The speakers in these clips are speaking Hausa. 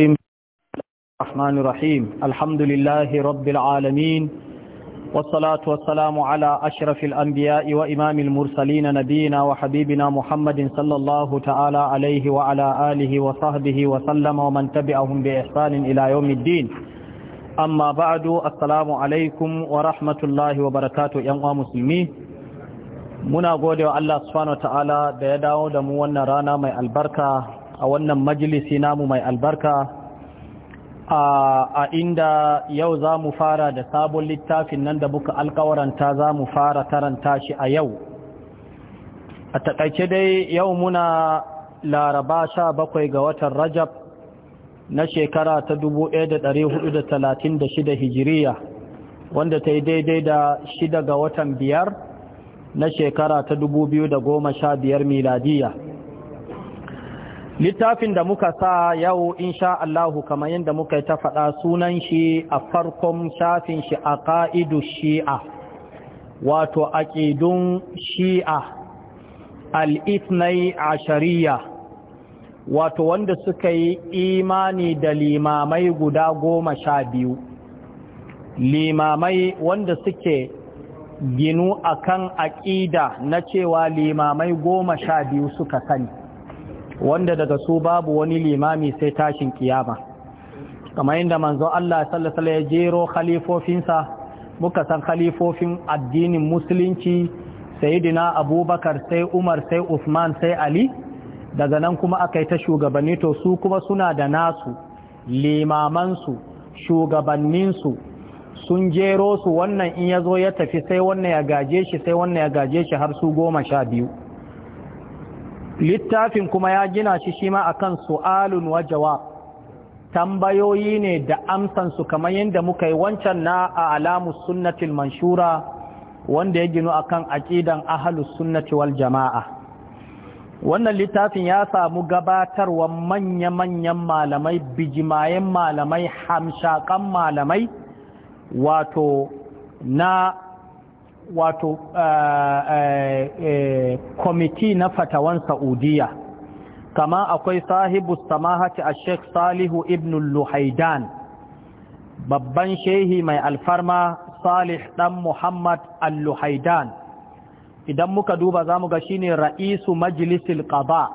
الرحمن الرحيم الحمد لله رب العالمين والصلاة والسلام على أشرف الأنبياء وإمام المرسلين نبينا وحبيبنا محمد صلى الله تعالى عليه وعلى آله وصحبه وسلم ومن تبعهم بإحسان إلى يوم الدين أما بعد السلام عليكم ورحمة الله وبركاته يا مسلمين muna gode wa Allah subhanahu wa ta'ala da ya dawo da mu wannan rana mai albarka a wannan majalisi namu mai albarka a inda yau za mu fara da sabon littafin nan da muka alkawaranta za mu fara taranta shi a yau a takaice dai yau muna laraba sha bakwai ga watan rajab na shekara ta 1436 hijiriya wanda ta yi daidai da shida ga watan biyar na shekara ta 2015 miladiya littafin da muka sa yau insha Allah kamar yadda muka yi ta faɗa sunan shi a farkon shafin shi a ƙa'idu shi'a wato aƙidun shi'a al’ifnai a shari'a wato wanda suka yi imani da limamai guda goma sha biyu limamai wanda suke ginu akan aƙida na cewa limamai goma sha biyu suka sani wanda daga su babu wani limami sai tashin kiyama kamar yadda manzon Allah sallallahu alaihi ya jero khalifofinsa muka san khalifofin addinin musulunci sayyidina abubakar sai umar sai usman sai ali daga nan kuma akai ta shugabanni to su kuma suna da nasu limamansu shugabanninsu sun jero su wannan in ya zo ya tafi sai wannan ya gaje shi sai wannan ya gaje shi har su goma sha biyu littafin kuma ya gina shi shi ma kan su'alun wa jawab tambayoyi ne da amsansu kamar yadda muka yi wancan na a alamu sunnatil manshura wanda ya ginu kan aƙidan ahalus sunnati wal jama'a wannan littafin ya samu gabatarwa manya-manyan malamai bijimayen malamai hamshakan malamai wato na wato kwamiti uh, uh, uh, na fatawan saudiya kama akwai sahibu samahati a sheikh salihu ibn luhaidan babban shehi mai alfarma salih dan muhammad al-luhaidan idan muka duba za mu ga shine ra'isu majalisil qada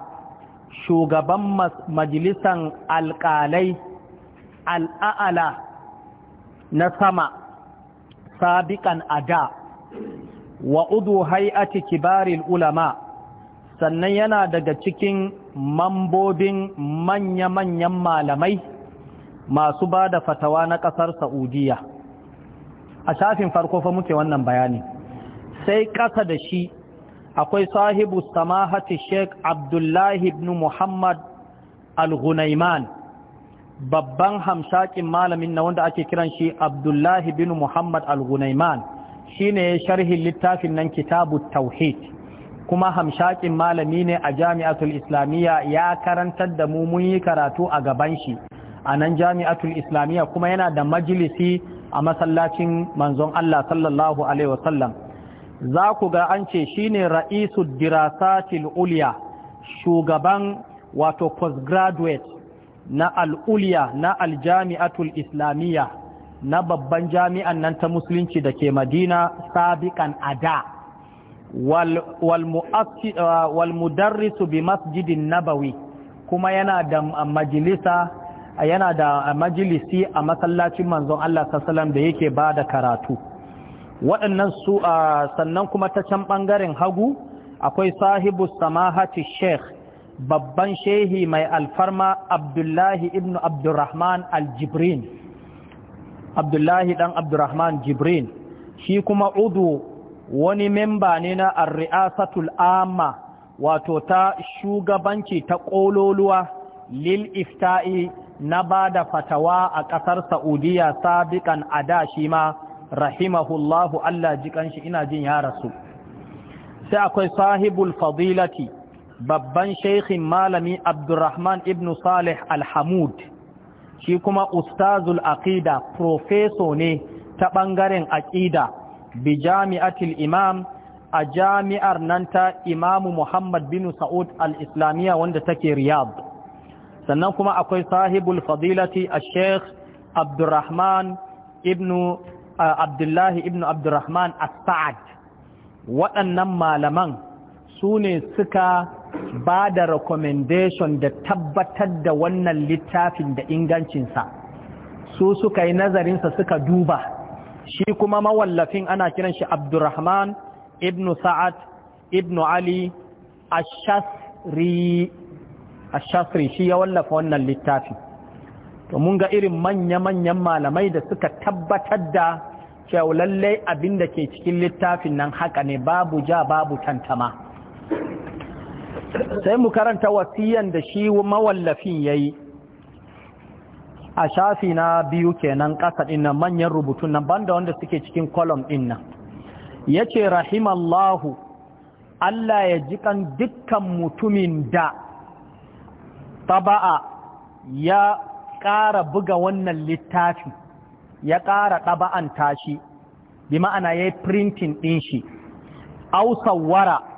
shugaban majalisan alƙalai al'a'ala na sama sabiƙan ada wa udu hay'ati kibaril ulama sannan yana daga cikin mambobin manya-manyan malamai masu ba da fatawa na ƙasar saudiya a shafin farko fa muke wannan bayani sai ƙasa da shi akwai sahibu samahati sheik abdullahi ibn muhammad al babban hamshakin malamin na wanda ake kiran shi abdullahi ibn muhammad al shine sharhin littafin nan kitabu tauhid kuma hamshakin malami ne a jami'atul islamiyya ya karantar da mu mun yi karatu a gaban shi a nan jami'atul islamiyya kuma yana da majalisi a masallacin manzon Allah sallallahu alaihi wasallam za ku ga an ce shine ra'isu dirasatil uliya shugaban wato postgraduate na al-ulya na al jami'atul islamiyya na babban jami'an nan ta musulunci da ke madina sabiƙan ada walmudarrisu uh, bi masjidin nabawi kuma yana da majalisa yana da majalisi a masallacin manzon Allah sallam da yake ba da karatu waɗannan su uh, sannan kuma ta can ɓangaren hagu akwai sahibu samahati sheikh babban shehi mai alfarma abdullahi ibn abdurrahman aljibrin abdullahi dan abdurrahman jibrin shi kuma udu wani memba ne na arri'asatul amma wato ta shugabanci ta ƙololuwa lil ifta'i na bada fatawa a ƙasar saudiya sabiƙan ada shi ma rahimahullahu allah shi ina jin ya rasu sai akwai sahibul fadilati babban sheikhin malami abdurrahman ibn salih alhamud shi kuma ustazul aqida profeso ne ta ɓangaren aqida bi jami'atul imam a jami'ar nan ta imamu muhammad bin sa'ud al-islamiyya wanda take riyadh sannan kuma akwai sahibul fadilati a sheikh abdurrahman ibnu abdullahi ibnu abdurrahman as-sa'ad waɗannan malaman su ne suka ba da recommendation da tabbatar da wannan littafin da ingancinsa su suka yi nazarinsa suka duba shi kuma mawallafin ana kiran shi abdurrahman ibn sa'ad ibn ali ashasri ashasri shi ya wallafa wannan littafin to mun ga irin manya-manyan malamai da suka tabbatar da cewa lallai abin da ke cikin littafin nan haka ne babu ja babu tantama sai mu karanta wasiyan da shi mawallafin ya yi a shafi na biyu kenan ƙasa ɗin manyan rubutun nan banda wanda suke cikin kolom ɗin nan ya ce rahimallahu Allah ya jikan dukkan mutumin da taba'a ya ƙara buga wannan littafi ya ƙara ɗaba'an tashi bi ma'ana ya yi printin ɗin shi Au sawwara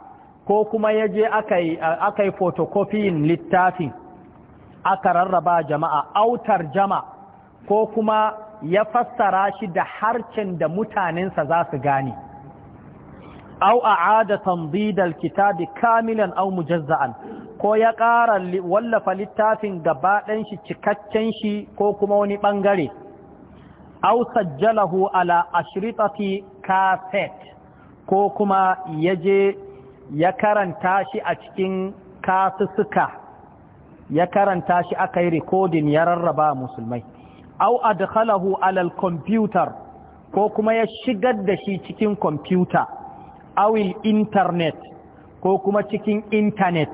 ko kuma ya je aka yi fotokofiyin littafin aka rarraba jama'a autar jama ko kuma ya fassara shi da harshen da mutanensa za su gane au a ada tanzidal kitabi kamilan au mujazza'an ko ya ƙara wallafa littafin gabaɗan shi cikakken shi ko kuma wani ɓangare au sajjalahu ala ashritati kaset ko kuma ya je ya karanta shi a cikin kasusuka ya karanta shi aka yi rikodin ya rarraba musulmai au adkhalahu alal computer ko kuma ya shigar da shi cikin computer awil internet ko kuma cikin intanet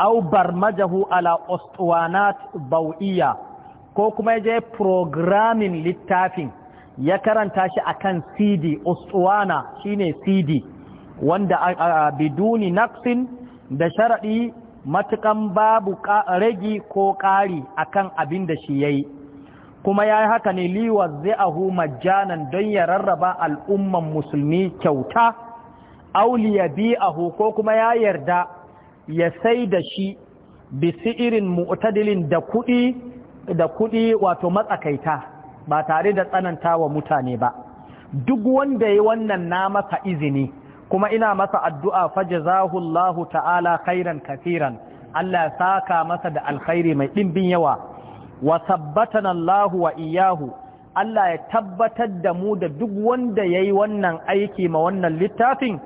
au barmajahu ala ostwanat bau'iya ko kuma ya je programming littafin ya karanta shi akan cd ostwana shine cd wanda biduni naqsin da sharadi matukan babu ragi ko ƙari akan abin da shi yayi kuma ya haka ne liwa zai'ahu majjanan don ya rarraba al'umman musulmi kyauta auliya bi'ahu ko kuma ya yarda ya sai da shi bisi irin mu'tadilin da kuɗi da kuɗi wato matsakaita ba tare da tsananta wa mutane ba duk wanda ya wannan na masa izini kuma ina masa addu'a fajazahu Allahu ta'ala khairan kafiran Allah saka masa da alkhairi mai ɗimbin yawa wa sabbatana Allahu wa iyahu Allah ya tabbatar da mu da duk wanda yayi wannan aiki ma wannan littafin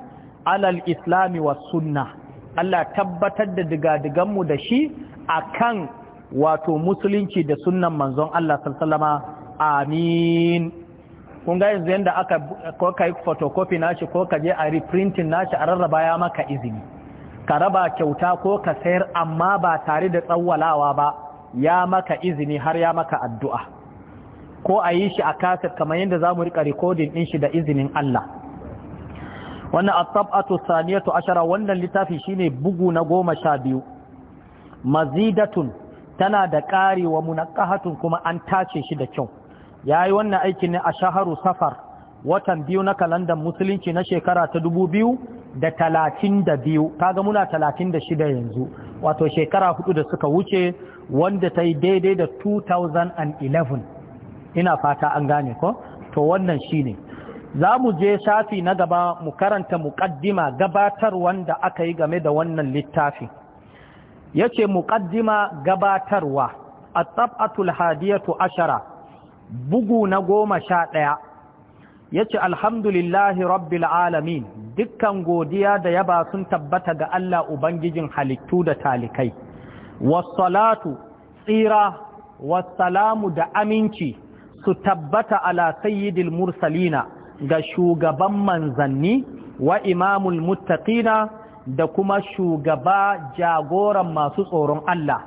alal islami wa sunna Allah tabbatar da digadigan mu da shi a kan wato musulunci da sunnan manzon Allah sallallahu amin kun ga yanzu yanda aka ko yi photocopy nashi ko ka je a rifirintin nashi a rarraba ya maka izini ka raba kyauta ko ka sayar amma ba tare da tsawwalawa ba ya maka izini har ya maka addu'a ko a yi shi a kaset kamar yadda za mu rika rikodin ɗin shi da izinin Allah wannan at-tab'atu saniyatu ashara wannan littafi shine bugu na goma sha biyu mazidatun tana da ƙarewa wa kuma an tace shi da kyau ya yi wannan aikin ne a shaharu safar watan biyu na kalandar musulunci na shekara ta dubu biyu da talatin da biyu ga muna talatin da shida yanzu wato shekara hudu da suka wuce wanda ta yi daidai da 2011 ina fata an gane ko to wannan shi ne. za mu je shafi na gaba mu karanta muƙaddima gabatar wanda aka yi game da wannan littafi ya ce muƙaddima gabatarwa a tsab'atul hadiyatu ashara bugu na goma sha ɗaya ya ce alhamdulillahi rabbil alamin dukkan godiya da yaba sun tabbata ga Allah Ubangijin halittu da talikai wassalatu tsira wassalamu da aminci su tabbata ala sayyidil mursalina ga shugaban manzanni wa imamul muttaqina da kuma shugaba jagoran masu tsoron Allah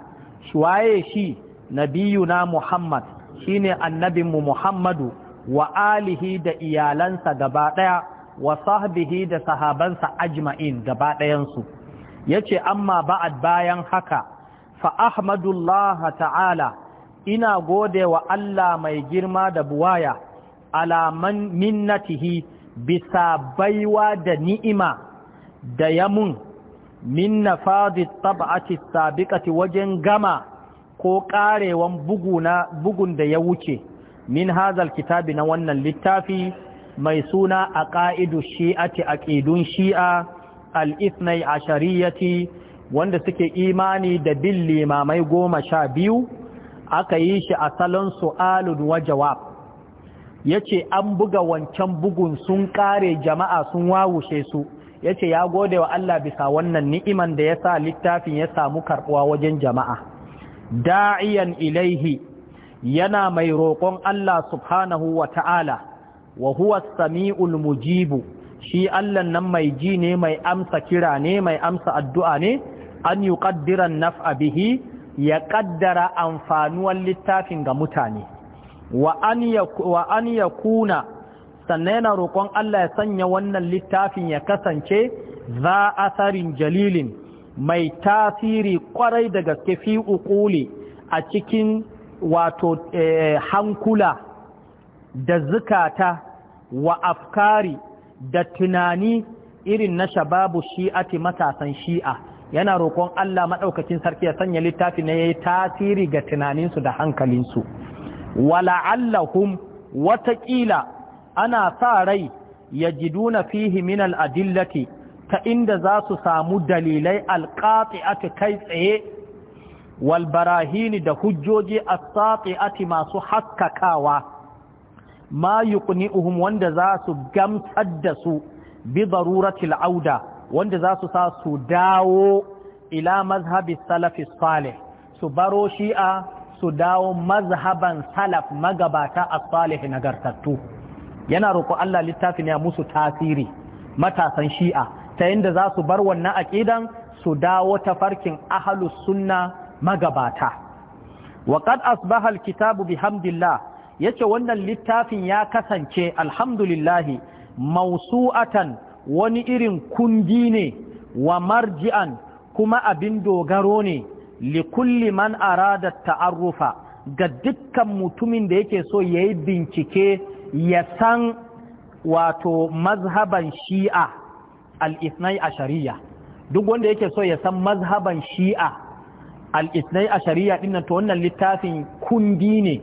waye shi nabiyuna Muhammad shine annabinmu Muhammadu wa alihi da iyalansa gaba ɗaya wa sahbihi da sahabansa ajma'in gaba ɗayansu yace amma ba'ad bayan haka fa ahmadullah ta'ala ina gode wa Allah mai girma da buwaya alaman minnatihi bisa baiwa da ni'ima da yamun min nafadi tab'ati sabiqati wajen gama ko na bugun da ya wuce min hazal kitabi na wannan littafi mai suna a ƙa'idu shi'ati a ƙidun shi'a al’ifnai a shari'ati wanda suke imani da bin limamai goma sha biyu aka yi shi a salon su'alun wa jawab ya ce an buga wancan bugun sun ƙare jama'a sun wawushe su ya ce ya gode wa Allah bisa wannan ni'iman da ya sa littafin ya samu karɓuwa wajen jama'a da'iyan ilaihi yana mai roƙon Allah subhanahu wa ta'ala wa huwa sami'ul mujibu shi Allah nan mai ji ne mai amsa kira ne mai amsa addu'a ne an yi ƙaddiran naf'a bihi ya ƙaddara amfanuwan littafin ga mutane wa an ya kuna sannan yana roƙon Allah ya sanya wannan littafin ya kasance za asarin jalilin mai tasiri kwarai da gaske fi ukuli a cikin wato eh, hankula da zukata wa afkari da tunani irin na shababu shi'ati matasan shi'a yana roƙon Allah maɗaukacin sarki ya sanya littafi na ya yi tasiri ga tunaninsu da hankalinsu wala'allahun wataƙila ana sa rai ya jiduna fihi min al'adillati ta inda za su samu dalilai alƙati'ati kai tsaye walbarahini da hujjoji a asati'ati masu haskakawa ma yuqni'uhum wanda za su gamsar da su bi daruratil auda wanda za su sa su dawo ila mazhabi salafi salih su baro shi'a su dawo mazhaban salaf magabata a salih nagartattu yana roƙo Allah littafin ya musu tasiri matasan shi'a ta da za su bar wannan aƙidan su dawo tafarkin ahalus sunna magabata waƙad asbahal kitabu bihamdillah ya ce wannan littafin ya kasance alhamdulillahi mausu'atan wani irin kundi ne wa marji'an kuma abin dogaro ne likulli man arada ta'arrufa ga dukkan mutumin da yake so ya yi bincike ya san wato mazhaban shi'a al-isnai shari'a duk wanda yake so ya san mazhaban shi'a al-isnai ashariya din to wannan littafin kundi ne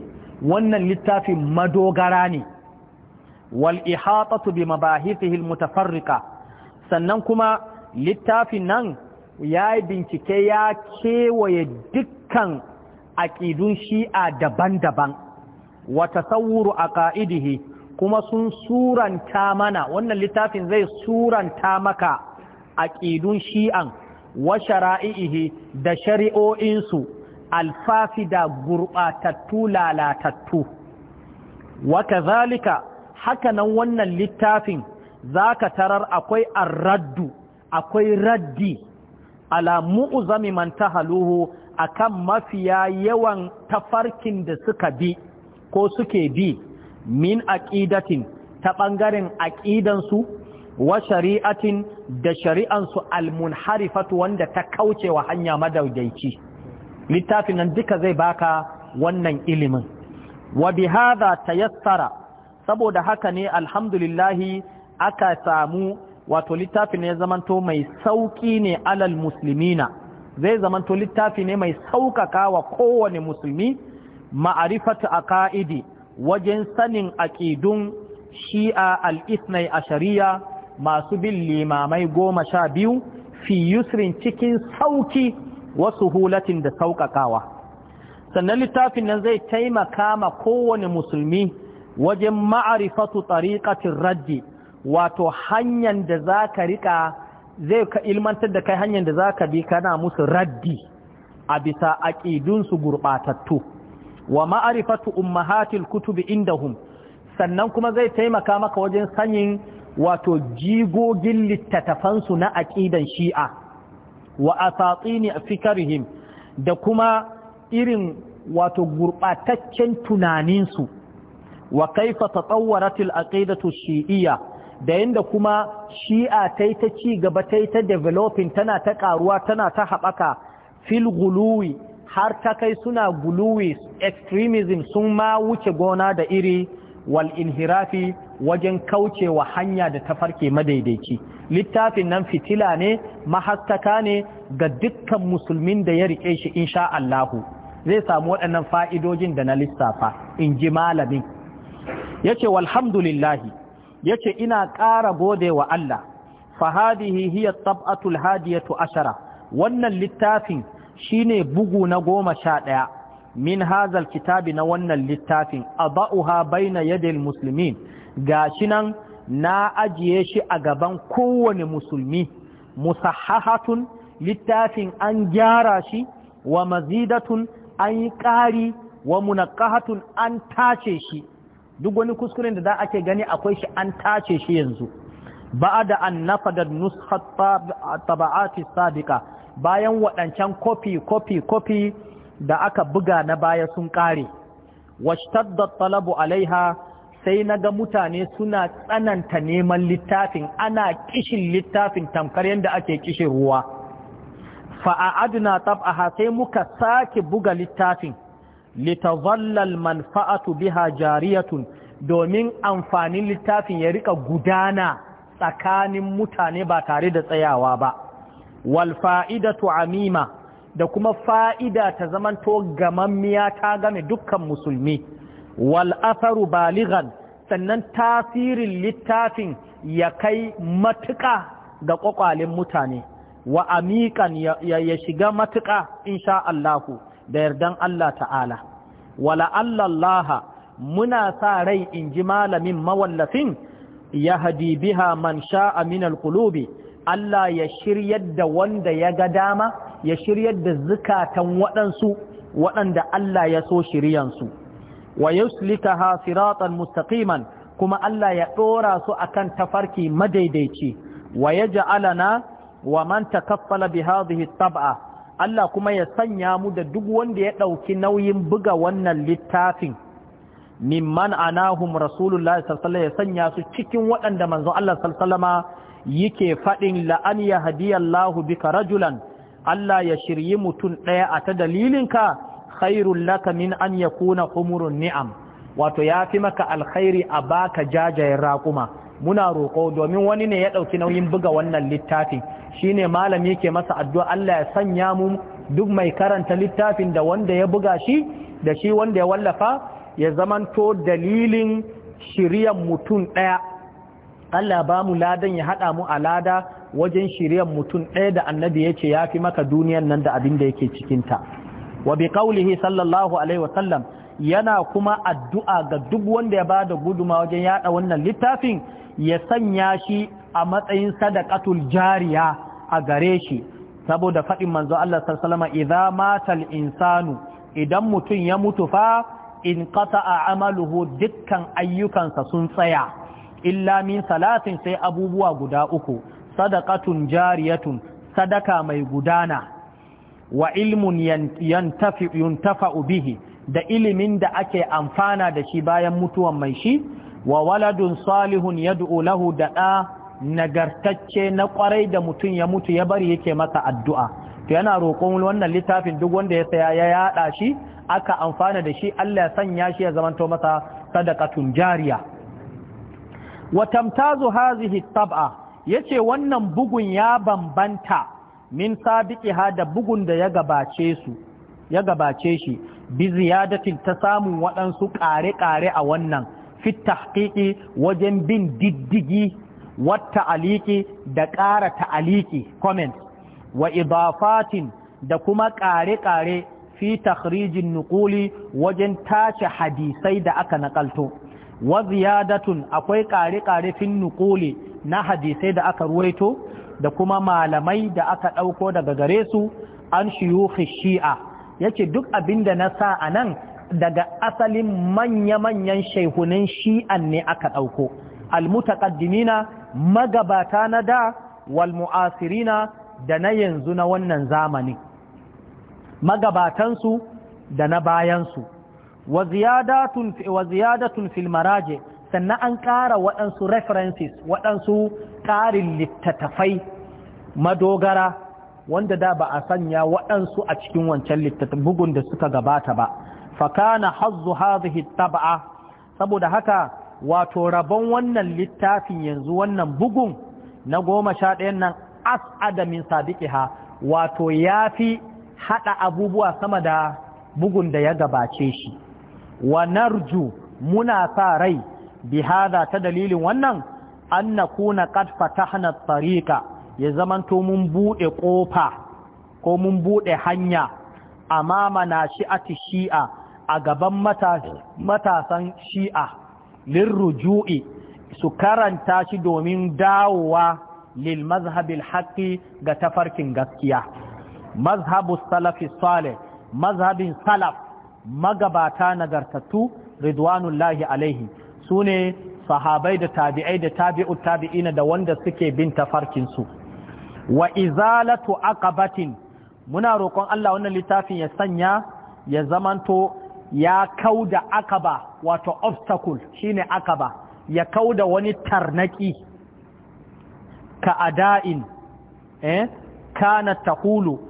wannan littafin madogara ne wal ihatatu bi mabahithihi al sannan kuma littafin nan ya yi bincike ya kewaye dukkan aƙidun shi'a daban-daban wata sauru a ƙa'idihi kuma sun suranta mana wannan littafin zai suranta maka aƙidun shi'an wa shara'i'ihi da shari'o'insu alfafida gurɓatattu lalatattu zalika, haka hakanan wannan littafin za ka tarar akwai arraddu akwai raddi ala ta man a akan mafiya yawan tafarkin da suka bi ko suke bi min aqidatin ta ɓangaren aƙidansu wa shari'atin da shari'ansu almunharifatu wanda ta kauce wa hanya madaudaici littafin nan duka zai baka wannan ilimin wa bi yassara. tayassara saboda haka ne alhamdulillahi aka samu wato littafi ne zamanto mai sauki ne alal muslimina zai zamanto littafi ne mai saukaka wa kowane musulmi ma'arifatu aqaidi wajen sanin aƙidun shi'a al'isnai a shari'a masu bin limamai goma sha biyu fi yusrin cikin sauki wasu hulatin da sauƙaƙawa sannan littafin nan zai taimaka ma kowane musulmi wajen ma'arifatu tariƙatin raddi wato hanyar da za ka zai ka ilmantar da kai hanyar da za ka bi kana musu raddi a bisa su gurɓatattu wa ma'arifatu ummahatil kutubi indahum sannan kuma zai taimaka maka wajen sanyin wato jigogin littattafansu na aƙidan shi'a wa asatini fikarihim da kuma irin wato gurɓataccen tunaninsu wa kaifa tatawwaratil aqidatu shi'iyya da yanda kuma shi'a ta ta ci gaba ta ta developing tana ta karuwa tana ta haɓaka fil guluwi har ta kai suna Guluwis extremism sun ma wuce gona da iri wal inhirafi wajen kauce wa hanya da tafarke madaidaici littafin nan fitila ne mahaskaka ne ga dukkan musulmin da ya rike shi insha Allahu zai samu waɗannan fa'idojin da na lissafa in ji malamin ya ce walhamdulillahi ya ce ina ƙara gode wa Allah fahadihi hiya tab'atul hadiyatu ashara wannan littafin shine bugu na goma sha ɗaya min hazal kitabi na wannan littafin a aba'uha baina musulmin ga gashi nan na ajiye shi a gaban kowane musulmi musahahatun littafin an gyara shi wa mazidatun an yi ƙari wa munakahatun an tace shi duk wani kuskuren da za ake gani akwai shi an tace shi yanzu ba da an nafa da nushat taba'ati sabiqa bayan waɗancan kofi kofi kofi da aka buga na baya sun ƙare da talabu alaiha sai na ga mutane suna tsananta neman littafin ana kishin littafin tamkar yadda ake kishin ruwa fa'a'aduna tab'aha sai muka sake buga littafin litazallal manfa'atu biha jariyatun domin amfanin littafin ya riƙa gudana tsakanin mutane ba tare da tsayawa ba Walfa'idatu amima da kuma fa'ida ta zamanto gamammiya ta game dukkan musulmi wal baligan sannan tasirin littafin ya kai matuƙa ga ƙwaƙwalin mutane wa amiƙan ya shiga matuƙa insha Allahu da yardan Allah ta'ala wala muna sa rai in ji malamin mawallafin ya hadi biha man sha'a minal alqulubi Allah ya shiryar da wanda ya ga dama ya shiryar da zukatan waɗansu waɗanda Allah ya so shiryansu wa litaha siratan mustaqiman kuma Allah ya ɗora su akan tafarki madaidaici wa yaj'alana wa man takaffala bi hadhihi tab'a Allah kuma ya sanya mu da duk wanda ya ɗauki nauyin buga wannan littafin mimman anahum rasulullahi sallallahu ya sanya su cikin waɗanda manzon Allah sallallahu yake faɗin la'an ya hadiyallahu bika rajulan Allah ya shiryi mutum ɗaya a ta dalilinka khairun laka min an ya kuna humurun ni'am wato ya fi maka alkhairi a baka jajayen raƙuma muna roƙo domin wani ne ya ɗauki nauyin buga wannan littafin shine malami yake masa addu'a Allah ya sanya mu duk mai karanta littafin da wanda ya buga shi da shi wanda ya wallafa ya zamanto dalilin shiryan mutum ɗaya Allah ba mu ladan ya haɗa mu a lada wajen shiryan mutum ɗaya da annabi ya ce ya fi maka duniyan nan da abin da yake cikinta wa bi qawlihi sallallahu alaihi wasallam yana kuma addu'a ga duk wanda ya ba da guduma wajen yada wannan littafin ya sanya shi a matsayin sadaqatul jariya a gare shi saboda faɗin manzo Allah sallallahu alaihi idza matal insanu idan mutum ya mutu fa in qata'a amaluhu dukkan ayyukansa sun tsaya illa min salatin sai abubuwa guda uku sadaqatun jariyatun sadaka mai gudana wa ilmun yuntafa'u bihi da ilimin da ake amfana da shi bayan mutuwan mai shi wa waladun salihun yad'u lahu da ɗa nagartacce na kwarai da mutum ya mutu ya bari yake masa addu'a to yana roƙon wannan littafin duk wanda ya saya ya yada shi aka amfana da shi Allah ya sanya shi ya zamanto masa sadaqatun jariya wa tamtazu hazihi tab'a yace wannan bugun ya bambanta min sabiqiha hada bugun da ya gabace su ya gabace shi bi ziyadatin ta samun waɗansu ƙare-ƙare a wannan fi tahqiqi wajen bin diddigi wata aliki da ƙara ta'aliki comment wa idafatin da kuma ƙare-ƙare fi takhrijin nuquli wajen tace hadisai da aka naƙalto wa ziyadatun akwai ƙare-ƙare fin nukuli na hadisai da aka ruwaito da kuma malamai da aka ɗauko daga gare su an shiyuhi shi'a yake duk abin da na sa a nan daga asalin manya-manyan shaihunan shi'an ne aka ɗauko almutakaddimina magabata na da walmu'asirina da na yanzu na wannan zamani magabatansu da na bayansu wa ziyadatun fil maraje sannan an ƙara waɗansu references waɗansu ƙarin littattafai madogara wanda da ba a sanya waɗansu a cikin wancan littattafai bugun da suka gabata ba fakana hazzu hita tab'a saboda haka wato rabon wannan littafin yanzu wannan bugun na goma sha ɗayan nan as'ada min sabiqiha wato ya fi haɗa abubuwa sama da bugun da ya gabace shi wa narju muna sa rai bi hada ta dalilin wannan an na kuna qad fatahna tariqa ya zamanto mun bude kofa ko mun bude hanya amama na shi'ati shi'a a gaban matasan shi'a lirruju'i su karanta shi domin dawowa lil mazhabil haqqi ga tafarkin gaskiya mazhabu salafi salih mazhabin salaf magabata nagartattu ridwanullahi alaihi su ne sahabai da tabi'ai da tabi'u tabi'ina da wanda suke bin tafarkinsu wa izalatu aqabatin muna roƙon Allah wannan littafin ya sanya ya zamanto ya kauda akaba wato obstacle shine akaba ya kauda wani tarnaki ka ada'in eh kana tahulu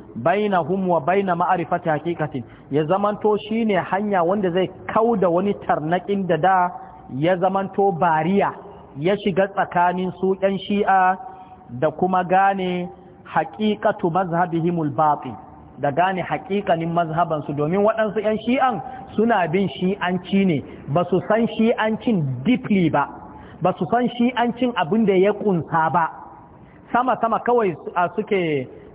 hum wa baina ma'arifati haqiqatin ya zamanto shine hanya wanda zai kauda wani tarnakin da da ya zamanto bariya ya shiga tsakanin su ƴan shi'a da kuma gane haqiqatu mazhabihimul batil da gane mazhaban su domin waɗansu 'yan shi'an suna bin shi'anci ne ba su san shi'ancin deeply ba ba su san shi'ancin abin da ya ƙunsa ba sama-sama kawai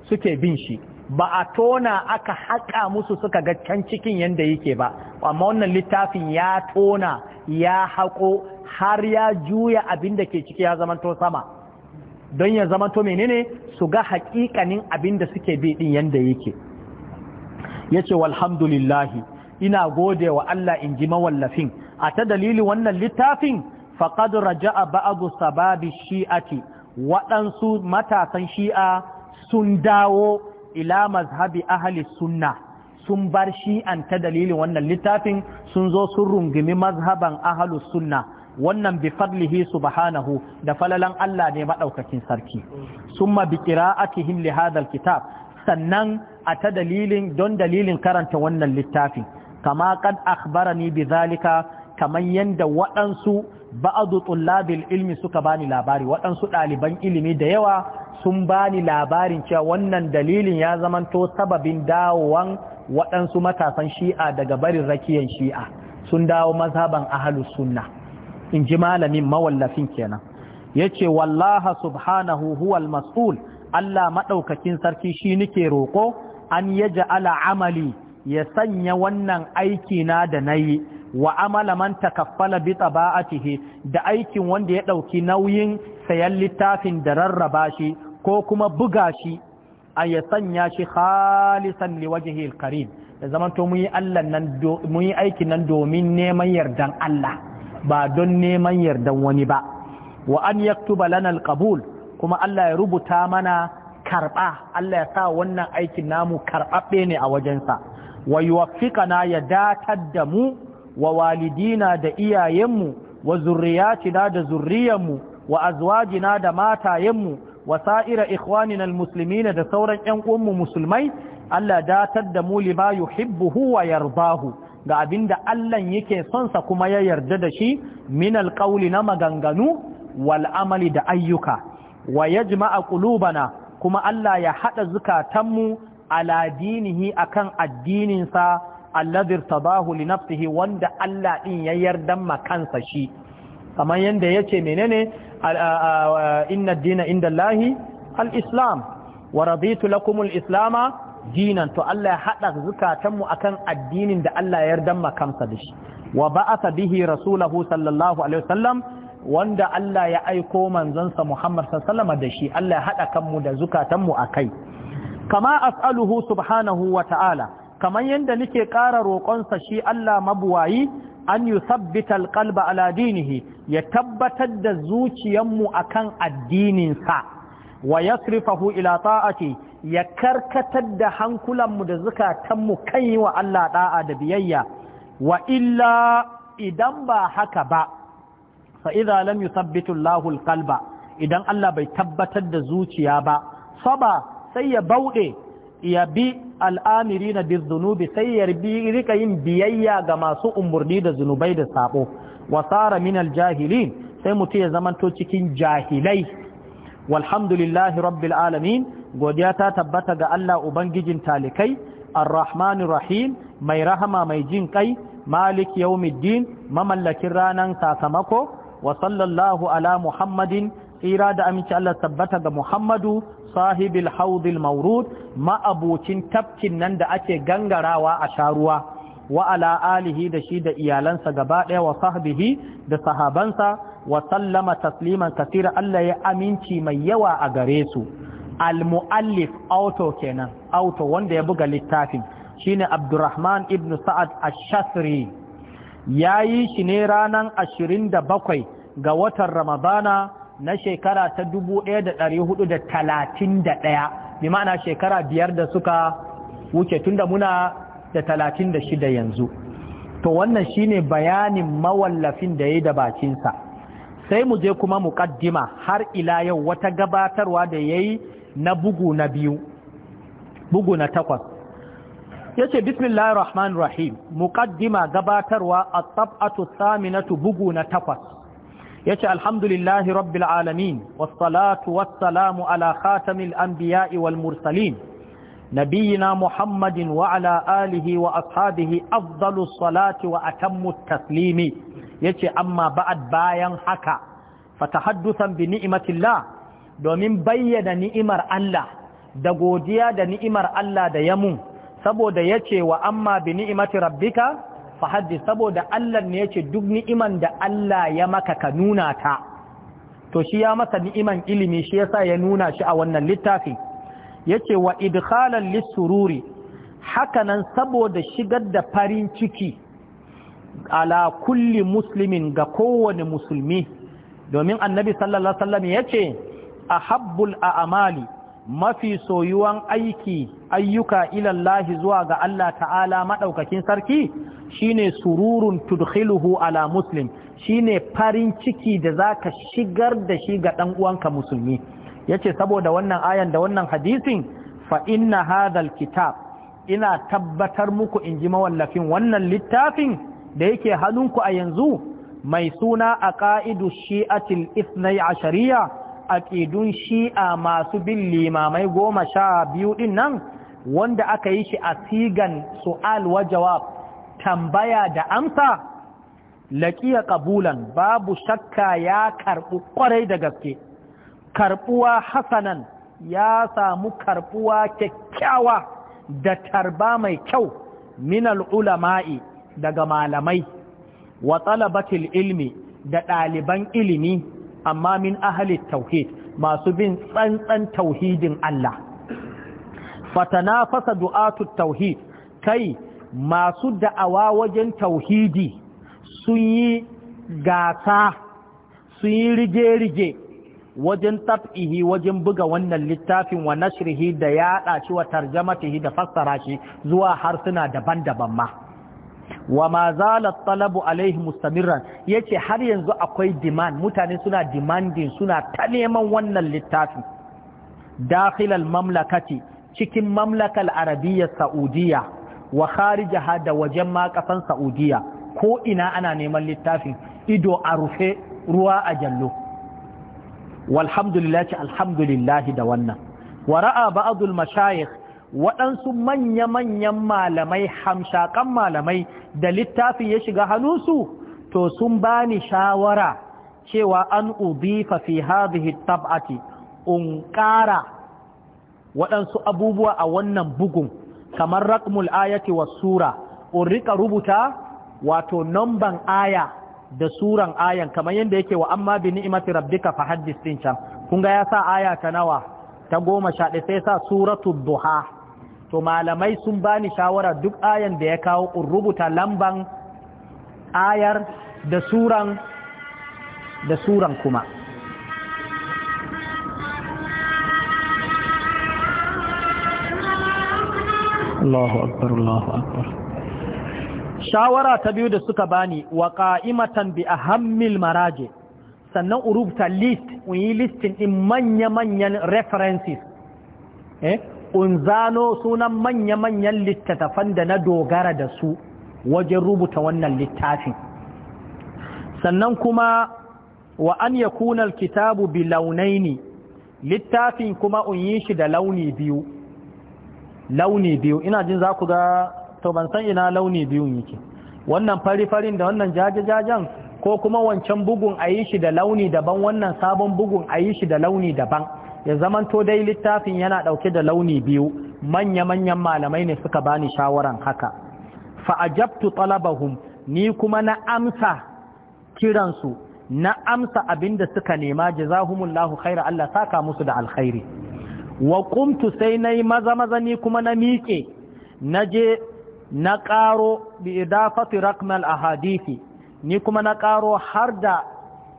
suke bin shi ba a tona aka haƙa musu suka ga can cikin yadda yake ba amma wannan littafin ya tona ya haƙo har ya juya abin da ke ciki ya zamanto sama don ya zamanto menene su ga haƙiƙanin abin da suke bi din yadda yake ya ce walhamdulillahi ina gode wa Allah in ji mawallafin a ta dalili wannan littafin faƙad raja'a ba'adu sababi shi'ati waɗansu matasan shi'a sun dawo ila mazhabi ahli sunna sun bar shi'an ta dalilin wannan littafin sun zo sun rungumi mazhaban ahli sunna wannan bi fadlihi subhanahu da falalan Allah ne madaukakin sarki summa bi qira'atihim li hadha kitab sannan a ta dalilin don dalilin karanta wannan littafin kama kad akhbarani bi zalika kamar yanda waɗansu ba'adu tullabil ilmi suka bani labari waɗansu ɗaliban ilimi da yawa sun bani labarin cewa wannan dalilin ya zamanto sababin dawowan waɗansu matasan shi'a daga barin rakiyar shi'a sun dawo mazhaban ahalus sunna in ji malamin mawallafin kenan ya ce wallaha subhanahu huwal mas'ul Allah maɗaukakin sarki shi nike roƙo an ya ja'ala amali ya sanya wannan aiki na da na yi wa amala man takaffala bi taba'atihi da aikin wanda ya ɗauki nauyin sayan littafin da rarraba shi ko kuma buga shi a ya sanya shi khalisan liwajihil karim da zaman to mu yi aikin nan domin neman yardan Allah ba don neman yardan wani ba wa an yaktuba lana alqabul kuma Allah ya rubuta mana karba Allah ya sa wannan aikin namu karbabbe ne a wajensa wa yuwaffiqana ya datar da mu wa walidina da iyayenmu wa zurriyatina da zurriyanmu wa azwajina da matayenmu Wasaira sa'ira ikhwanina almuslimina da sauran ƴan uwanmu musulmai Allah datar da mu lima yuhibbuhu wa yardahu ga abinda Allah yake son sa kuma ya yarda da shi min alqawli na maganganu wal'amali da ayyuka wa Kulu bana kuma Allah ya haɗa zukatanmu ala dinihi akan addinin sa alladhi irtadahu li nafsihi wanda Allah din ya yarda ma kansa shi kamar yanda ce menene inna dina inda Allahi al-islam wa raditu lakumul islama dinan to Allah ya haɗa zukatanmu akan addinin da Allah ya yarda makamsa da shi wa ba'atha bihi rasulahu sallallahu alaihi wasallam wanda Allah ya aiko manzansa Muhammad sallallahu da shi Allah ya haɗa kanmu da zukatanmu akai kama as'aluhu subhanahu wa ta'ala kamar yadda nake ƙara roƙonsa shi Allah mabuwayi an yusabbita alqalba a dinihi ya tabbatar da zuciyanmu akan addininsa wa yasrifahu ila ta'ati ya karkatar da hankulanmu da zukatanmu kan yi wa Allah da'a da biyayya wa illa idan ba haka ba fa idza lam yusabbitu Allahu alqalba idan Allah bai tabbatar da zuciya ba saba sai ya bauɗe ya bi al'amiri na zunubi sai ya rika yin biyayya ga masu umarni da zunubai da sabo wasara min jahili sai mutu ya zamanto cikin jahilai walhamdulillahi rabbil alamin godiya ta tabbata ga Allah ubangijin talikai arrahmanir rahim mai rahama mai jin kai malik yawmiddin mamallakin ranan sakamako wa sallallahu ala muhammadin tsira da aminci Allah tabbata ga Muhammadu sahibil haudil maurud ma'abocin tafkin nan da ake gangarawa a sharuwa wa ala alihi da shi da iyalansa gaba ɗaya wa sahbihi da sahabansa wa sallama tasliman kasira Allah ya aminci mai yawa a gare su al-mu'allif auto kenan auto wanda ya buga littafin shine Abdurrahman ibn Sa'ad Ash-Shasri yayi shi ne ranan 27 ga watan Ramadana na shekara ta dubu ɗaya da da da hudu talatin ɗaya. bi ma'ana shekara biyar da suka wuce tun da muna da talatin da shida yanzu to wannan shine bayanin mawallafin da ya yi da bakinsa sai mu je kuma mu muƙaddima har ila yau wata gabatarwa da ya yi na bugu na biyu bugu na takwas ya ce bismillahir rahmanir rahim muƙaddima gabatarwa a tsab'atu saminatu bugu na takwas yace alhamdulillahi rabbil alamin wassalatu wassalamu ala khatamil anbiya'i wal mursalin muhammadin نبينا محمد وعلى آله وأصحابه أفضل الصلاة وأتم التسليم يتي أما بعد بايا حكا haddusan bi الله domin bayyana ni'imar Allah da godiya da ni'imar Allah da yamu saboda yace wa amma bi ni'imati rabbika fa saboda Allah ne yace duk ni'iman da Allah ya maka ka nuna ta to shi ya maka ni'iman ilimi shi yasa ya nuna shi a wannan littafi yace wa idkhalan lisururi hakanan saboda shigar da farin ciki ala kulli muslimin ga kowane musulmi domin annabi sallallahu alaihi wasallam yace ahabbul a'mali mafi soyuwan aiki ayyuka ilallahi zuwa ga Allah ta'ala maɗaukakin sarki shine sururun tudkhiluhu ala muslim shine farin ciki da zaka shigar da shi ga ɗan uwanka musulmi yace saboda wannan ayan da wannan hadisin fa inna hadhal kitab ina tabbatar muku inji mawallafin wannan littafin da yake hannunku a yanzu mai suna aqaidu shi'atil ithnai ashariya aƙidun shi'a masu bin limamai goma sha biyu ɗin nan wanda aka yi shi a sigan su'al wa jawab tambaya da amsa laƙiya ƙabulan babu shakka ya karɓu ƙwarai da gaske karɓuwa hasanan ya samu karɓuwa kyakkyawa da tarba mai kyau minal ulama'i daga malamai wa talabatil ilmi da ɗaliban ilimi amma min ahli tauhid masu bin tsantsan tauhidin Allah fatanafasa du'atu tauhid kai masu da'awa wajen tauhidi sun yi gasa sun yi rige-rige wajen tab'ihi wajen buga wannan littafin wa nashrihi da yaɗa shi wa tarjamatihi da fassara shi zuwa harsuna daban-daban ma wa ma talabu alaihi mustamirran yace har yanzu akwai demand mutane suna demanding suna ta neman wannan littafi dakhilal mamlakati cikin mamlakal arabiyyar saudiya wa kharijaha da wajen ma Saudiyya saudiya ko ina ana neman littafin ido a rufe ruwa a jallo walhamdulillah alhamdulillahi da wannan wa ra'a ba'dul mashayikh waɗansu manya-manyan malamai hamshaƙan malamai da littafi ya shiga hannunsu to sun ba ni shawara cewa an ubifa fi hadhihi tab'ati un ƙara waɗansu abubuwa a wannan bugun kamar raqmul ayati was sura un rika rubuta wato namban aya da suran ayan kamar yadda yake wa amma bi ni'mati rabbika fa haddis din can kun ga ya sa aya ta nawa ta goma sha ɗaya sai sa suratul duha to malamai sun bani shawara duk ayan da ya kawo rubuta lamban ayar da suran da suran kuma Allahu akbar Allahu akbar shawara ta biyu da suka bani wa qa'imatan bi ahammil maraje sannan urubta list in yi listin din manya-manyan references eh unzano sunan manya-manyan littattafan da na dogara da su wajen rubuta wannan littafin sannan kuma wa an ya kunar kitabu bi launaini littafin kuma unyi shi da launi biyu launi biyu ina jin za ku ga to san ina launi biyun yake wannan fari-farin da wannan jaje-jajen ko kuma wancan bugun a yi shi da launi daban wannan sabon bugun a yi shi da launi daban ya zamanto dai littafin yana ɗauke da launi biyu manya-manyan malamai ne suka bani shawaran haka fa'ajabtu talabahum ni kuma na amsa kiransu na amsa abinda suka nema jazahumullahu khaira Allah saka musu da alkhairi wa kumtu sai nayi maza maza ni kuma na miƙe naje na ƙaro bi idafati raqmal ahadisi ni kuma na ƙaro har da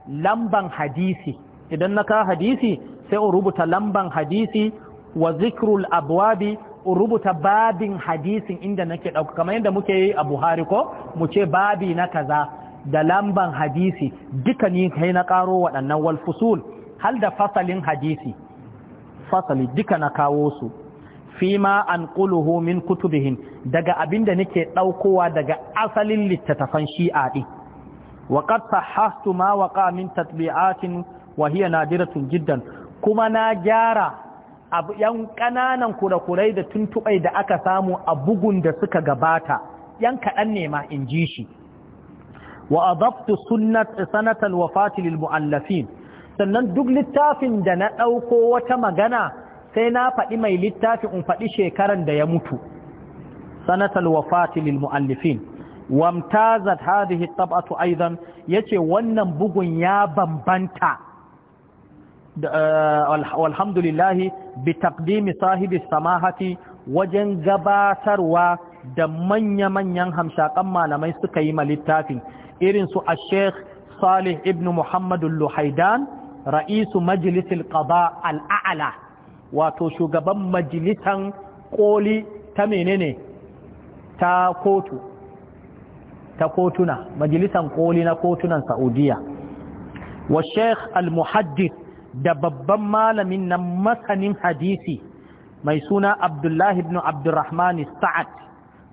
lamban hadisi idan na ka hadisi sai in rubuta lamban hadisi wa zikrul abwabi in rubuta babin hadisin inda nake ɗauka kamar yadda muke yi a buhari ko mu ce babi na kaza da lamban hadisi duka ni kai na ƙaro waɗannan wal fusul hal da fasalin hadisi fasali duka na kawo su fima an ƙuluhu min kutubihin daga abin da nake ɗaukowa daga asalin littattafan shi'a ɗin wa qad sahhastu ma waqa min tatbi'atin wa hiya jiddan kuma na gyara abu yan ƙananan kurakurai da tuntuɓai da aka samu a bugun da suka gabata yan kaɗan ne ma in ji shi wa adabtu sunnat sanatal wafati lil muallafin sannan duk littafin da na ɗauko wata magana sai na faɗi mai littafi in faɗi shekaran da ya mutu Sanatar wafati mu'allafin muallifin wamtazat hadhihi tab'atu aidan yace wannan bugun ya bambanta walhamdulillahi bi taqdimi sahibi samahati wajen gabatarwa da manya-manyan hamshakan malamai suka yi littafin irin su a sheikh salih ibn muhammadu luhaidan ra'isu majalisil qada al'a'ala wato shugaban majalisan koli ta menene ta kotu ta kotuna majalisan koli na kotunan saudiya wa sheikh al-muhaddith da babban malamin nan masanin hadisi mai suna abdullahi ibn abdurrahman sa'ad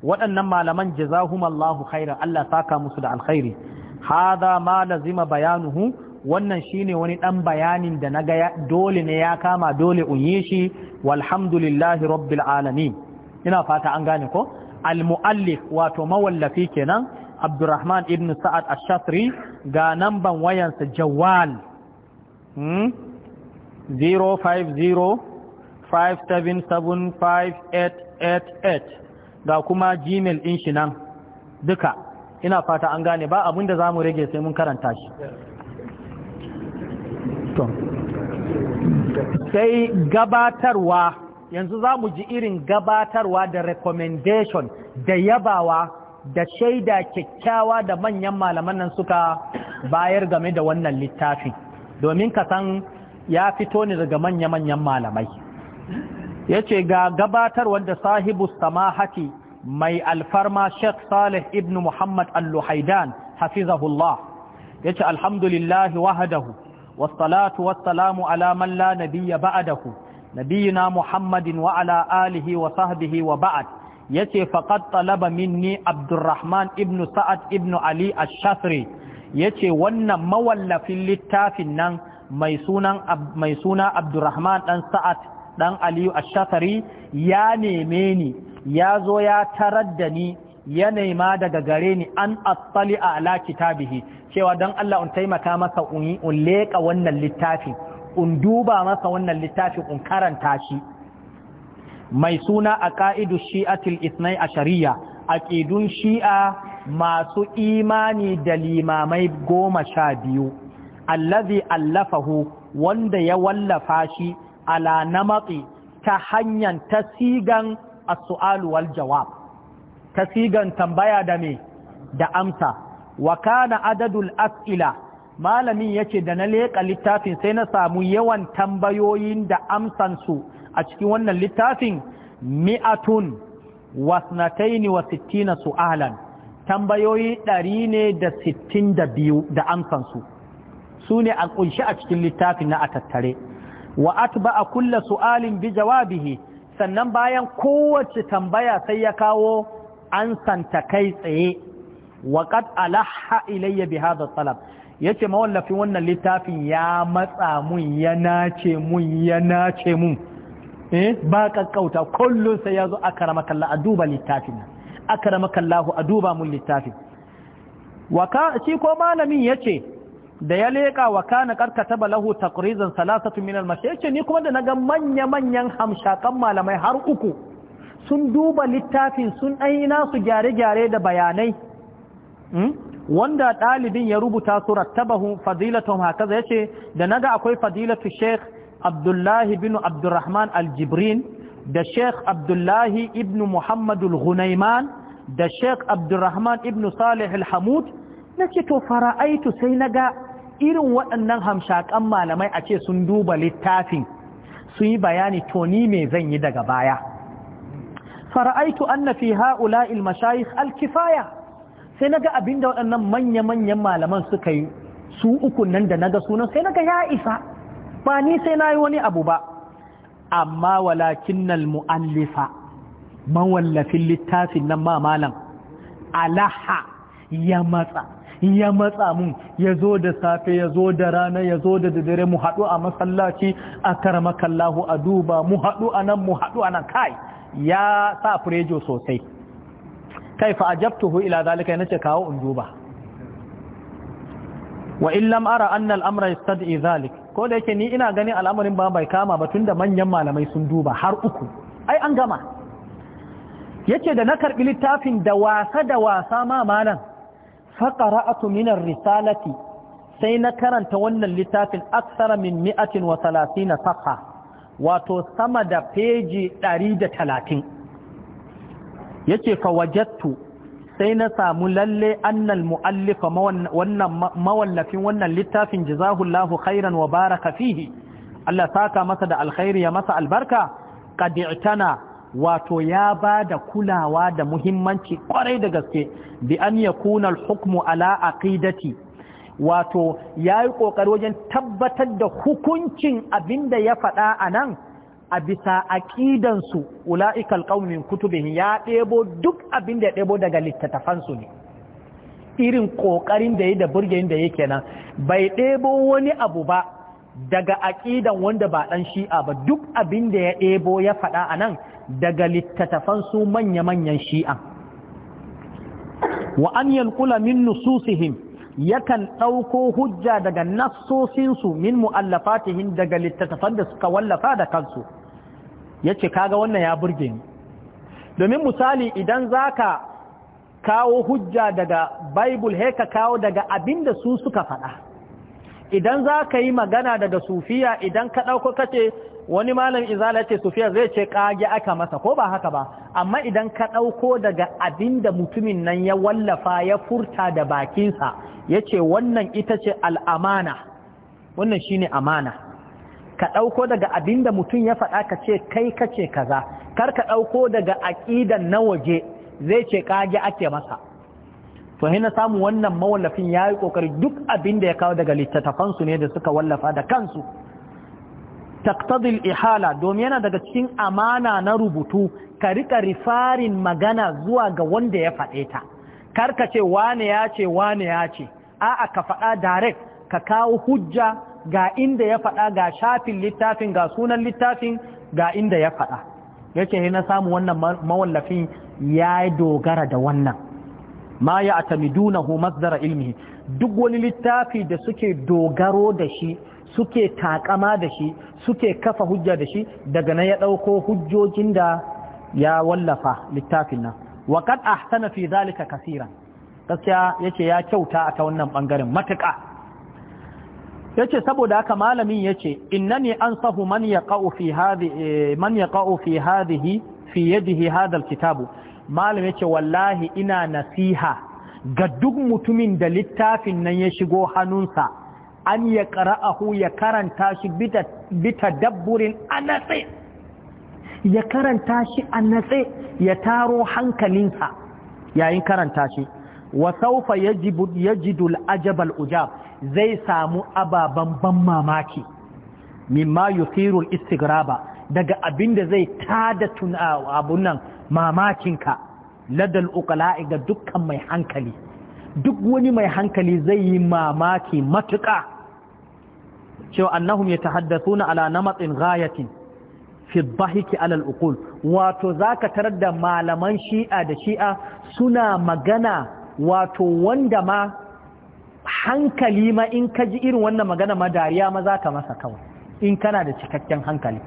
waɗannan malaman jazahumallahu khairan Allah saka musu da alkhairi hadha ma lazima bayanuhu wannan shine wani dan bayanin da naga dole ne ya kama dole un yi shi walhamdulillahi rabbil alamin ina fata an gane ko al muallif wato mawallafi kenan abdurrahman ibn sa'ad ash-shatri ga namban wayansa jawal zero ga kuma gmail ɗin shi nan duka ina fata an gane ba abin za mu rage sai mun karanta shi sai gabatarwa yanzu za mu ji irin gabatarwa da recommendation da yabawa da shaida kyakkyawa da manyan malaman nan suka bayar game da wannan littafin domin ka san ya fito ne daga manya-manyan malamai ya ce ga gabatar wanda sahibu samahati mai alfarma sheikh salih ibn muhammad al-luhaidan hafizahullah ya ce alhamdulillahi wahadahu wassalatu wassalamu ala man la nabiyya ba'adahu nabiyina muhammadin wa ala alihi wa sahbihi wa ba'ad ya ce faqad talaba minni abdurrahman ibn sa'ad ibn ali ash-shafri yace wannan mawallafin littafin nan mai suna abdurrahman dan sa'ad dan aliyu ash ya neme ni ya zo ya tarar da ni ya nema daga gare ni an a ala kitabihi cewa don Allah in taimaka masa in leƙa wannan littafin in duba masa wannan littafin in karanta shi mai suna a ka'idu shi'atil isnai a shari'a aƙidun shi'a masu imani da limamai goma sha biyu allazi allafahu wanda ya wallafa shi ala namatsi ta hanyar tasigan a sual wal jawab tasigan tambaya da me da amsa Wakana Adadun adadul as'ila malamin yace da na leƙa littafin sai na samu yawan tambayoyin da amsansu a cikin wannan littafin mi'atun wasnataini wa sittina su'alan tambayoyi ɗari ne da sittin da biyu da amsansu su ne a ƙunshi a cikin littafin na a tattare wa atba a kulla su'alin bi jawabihi sannan bayan kowace tambaya sai ya kawo an santa kai tsaye wa qad alaha ilayya bi hadha talab yace mawallafin wannan littafin ya matsa mun ya nace mun ya nace mun E ba kakkauta kullun sai yazo akrama kallahu a duba littafin akrama kallahu a duba mun littafin wa shi ko malamin yace da ya leka wa kana karkata balahu taqrizan salasatu min al ya ce ni kuma da naga manya manyan hamshakan malamai har uku sun duba littafin sun dai nasu gyare gyare da bayanai hmm? wanda ɗalibin ya rubuta su rattabahu hakaza yace da naga akwai fadilatu sheikh abdullahi bin abdurrahman al da sheikh abdullahi ibn muhammadul ghunaiman da sheikh Abdulrahman ibn salih al-hamud na ce to fara'aitu sai na ga irin waɗannan hamshakan malamai a ce sun duba littafin sun yi bayani to ni me zan yi daga baya fara'aitu anna fi ha'ula al-mashayikh sai naga abinda waɗannan manya-manyan malaman suka yi su uku nan da na ga sunan sai naga ya isa ba ni sai na yi wani abu ba amma walakin mu mu'allifa mawallafin littafin nan ma malam alaha ya matsa ya matsa mun ya zo da safe ya zo da rana ya zo da dare mu haɗu a masallaci a karmakallahu a duba mu haɗu a nan mu haɗu a nan kai ya sa furejo sosai kai fa ajabtuhu ila zalika ce kawo in duba wa in ara annal amra yastad'i zalik ko da yake ni ina ganin al'amarin ba bai kama ba tunda manyan malamai sun duba har uku ai an gama yace da na karbi littafin da wasa da wasa ma malam fa min ar-risalati sai na karanta wannan littafin aksara min mi'atin wa talatina safha wato sama da peji 130 yace fa wajattu sai na samu lalle annal mu'allifa wannan mawallafin wannan littafin jazahullahu khairan wa baraka fihi Allah saka masa da alkhairi ya masa albarka qad i'tana wato ya bada kulawa da muhimmanci kwarai da gaske bi an yakuna al-hukmu ala aqidati wato yayi kokari wajen tabbatar da hukuncin abinda ya faɗa anan a bisa aƙidansu ula'ikal ƙaunin kutubin ya ɗebo duk abin da ya ɗebo daga littattafansu ne irin ƙoƙarin da yi da burgen da yake nan bai ɗebo wani abu ba daga aƙidan wanda ba ɗan shi'a ba duk abin da ya ɗebo ya faɗa a nan daga littattafan manya-manyan shi'a wa an yankula min nususihim yakan ɗauko hujja daga nassosinsu min mu'allafatihin daga littattafan da suka wallafa da kansu ya kaga wannan ya burge ni domin misali idan zaka kawo hujja daga bible he ka kawo daga abinda su suka faɗa idan za yi magana daga sufiya idan ka ɗauko kace wani malam izala ce sufiya zai ce kage aka masa ko ba haka ba amma idan ka ɗauko daga abinda mutumin nan ya wallafa ya furta da bakinsa yace wannan ita ce al'amana wannan shine amana ka ɗauko daga abin da mutum ya faɗa ka ce kai ka ce kaza kar ka ɗauko daga aƙidan na waje zai ce kage ake masa to hina samu wannan mawallafin ya yi ƙoƙari duk abin da ya kawo daga littattafansu ne da suka wallafa da kansu taktadil ihala domin yana daga cikin amana na rubutu ka rika rifarin magana zuwa ga wanda ya faɗe ta ka ce wane ya ce wane ya ce a'a ka faɗa direct ka kawo hujja ga inda ya faɗa ga shafin littafin ga sunan littafin ga inda ya faɗa yake na samu wannan mawallafin ya dogara da wannan ma ya atamidunahu dara ilmi duk wani littafi da suke dogaro da shi suke takama da shi suke kafa hujja da shi daga nan ya ɗauko hujjojin da ya wallafa littafin nan wa kad ahsana fi zalika gaskiya yace ya kyauta a ta wannan bangaren matuƙa yace saboda haka malamin yace innani ansahu man yaqa'u fi hadhi eh, man yaqa'u fi hadhihi fi yadihi hadha alkitab malam yace wallahi ina nasiha ga duk mutumin da littafin nan ya shigo hannunsa an ya qara'ahu ya karanta shi bita bita dabburin anatsi ya karanta shi anatsi ya taro hankalinsa yayin karanta shi wa saufa yajibu yajidul ajabal ujab zai samu ababen ban mamaki mimma yuthirul istigraba daga abin da zai tada abun mamakin mamakinka ladal uqala'i ga dukkan mai hankali duk wani mai hankali zai yi mamaki matuƙa cewa annahum yatahaddathuna ala namatin ghayatin fi dhahiki ala al-uqul wato zaka tarar da malaman shi'a da shi'a suna magana wato wanda ma hankali ma in ka ji irin wannan magana ma dariya ma za ka masa kawai in kana da cikakken hankali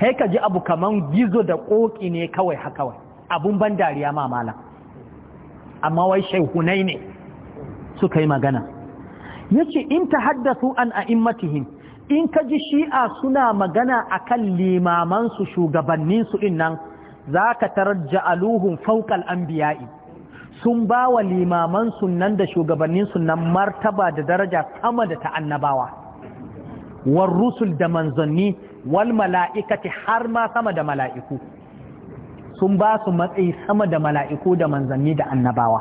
sai ka ji abu kaman gizo da ƙoƙi ne kawai haka wai abun ban dariya ma mala amma wai shaihunai ne suka yi magana ya ce in ta haddasu an a'immatihim in ka ji shi'a suna magana a kan limamansu shugabanninsu in nan za ka tarar ja'aluhun faukal an biya'i sun ba wa limaman sunan da shugabannin sunan martaba da daraja sama da ta annabawa war rusul da manzanni wal mala'ikati har ma sama da mala'iku sun ba su matsayi sama da mala'iku da manzanni da annabawa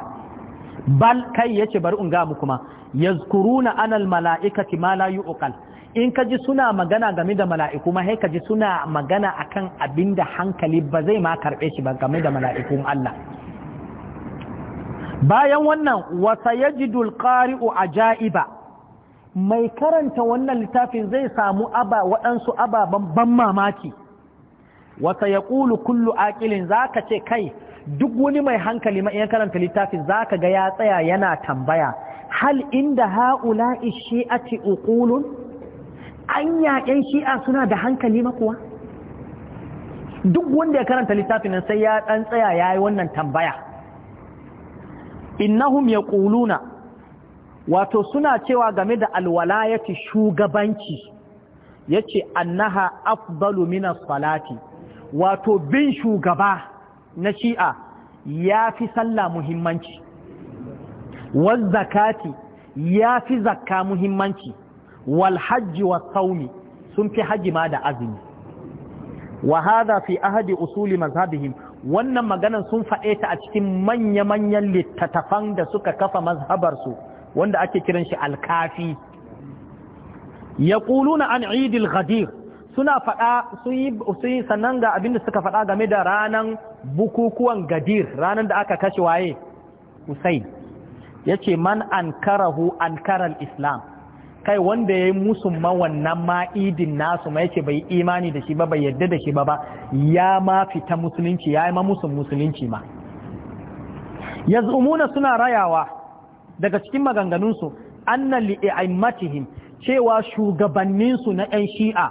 bal kai yace bari in ga mu kuma yazkuruna anal mala'ikati ma la yuqal in ka ji suna magana game da mala'iku ma sai ji suna magana akan abinda hankali ba zai ma karbe shi ba game da mala'ikun Allah bayan wannan wasa ƙari'u a jaiba mai karanta wannan littafin zai samu aba waɗansu ababen ban mamaki wasa ƙulu kullu za ka ce kai duk wani mai hankali ma'iyan karanta littafin za ka ga ya tsaya yana tambaya hal inda haula shi'ati an anya shi shi'a suna da hankali makuwa duk wanda ya karanta littafin sai ya ɗan tsaya yi wannan tambaya innahum yaquluna wato suna cewa game da alwalayati shugabanci yace annaha afdalu min salati wato bin shugaba na shi'a ya fi sallah muhimmanci wal zakati ya fi zakka muhimmanci wal hajji wa saumi sun fi hajji ma da azumi wa hadha fi ahadi usuli mazhabihim wannan maganan sun faɗe ta a cikin manya-manyan littattafan da suka kafa mazhabarsu wanda ake kiran shi alkafi ya ƙuluna an idil ghadir suna faɗa su yi sannan ga abinda suka faɗa game da ranar bukukuwan gadir ranar da aka kashe waye Hussein ya ce man an karahu an karar islam kai wanda ya yi musu ma wannan ma'idin nasu ma yake bai imani da shi ba bai yadda da shi ba ba ya ma fita musulunci ya yi ma musun musulunci ma Umuna suna rayawa daga cikin maganganunsu a li'aimatihim cewa shugabanninsu na 'yan shi'a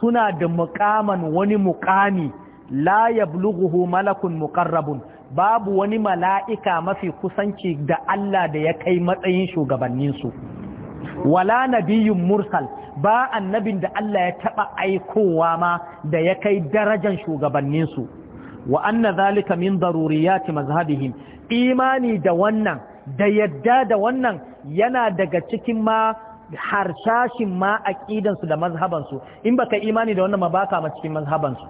suna da muƙaman wani muƙami la yablughuhu malakun muqarrabun babu wani mala'ika mafi kusanci da Allah da ya kai matsayin shugabanninsu wala nabiyun mursal ba annabin da Allah ya taɓa aikowa ma da ya kai darajan shugabanninsu wa anna zalika min daruriyati mazhabihim imani da wannan da yadda da wannan yana daga cikin ma harshashin ma da mazhabansu in baka imani da wannan ma baka ma cikin mazhabansu